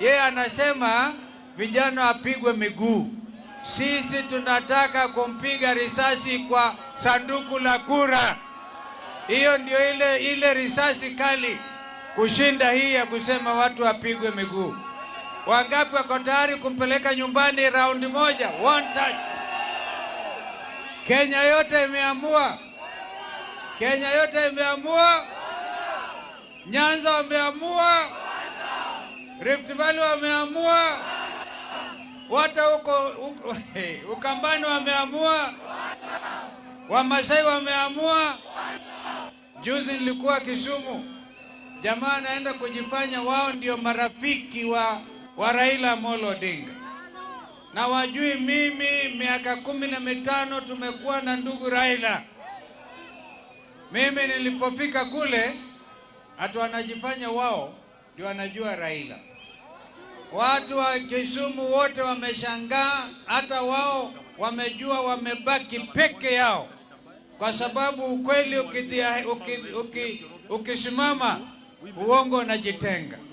yeye anasema vijana wapigwe miguu. Sisi tunataka kumpiga risasi kwa sanduku la kura. Hiyo ndio ile ile risasi kali kushinda hii ya kusema watu wapigwe miguu. Wangapi wako tayari kumpeleka nyumbani raundi moja, one touch? Kenya yote imeamua, Kenya yote imeamua, Nyanza wameamua. Rift Valley wameamua, wata huko Ukambani wameamua, Wamasai wameamua. Juzi nilikuwa Kisumu, jamaa anaenda kujifanya wao ndio marafiki wa, wa Raila Amolo Odinga na wajui mimi miaka kumi na mitano tumekuwa na ndugu Raila. Mimi nilipofika kule, hatu wanajifanya wao ndio wanajua Raila. Watu wa Kisumu wote wameshangaa, hata wao wamejua wamebaki peke yao, kwa sababu ukweli ukisimama, uongo unajitenga.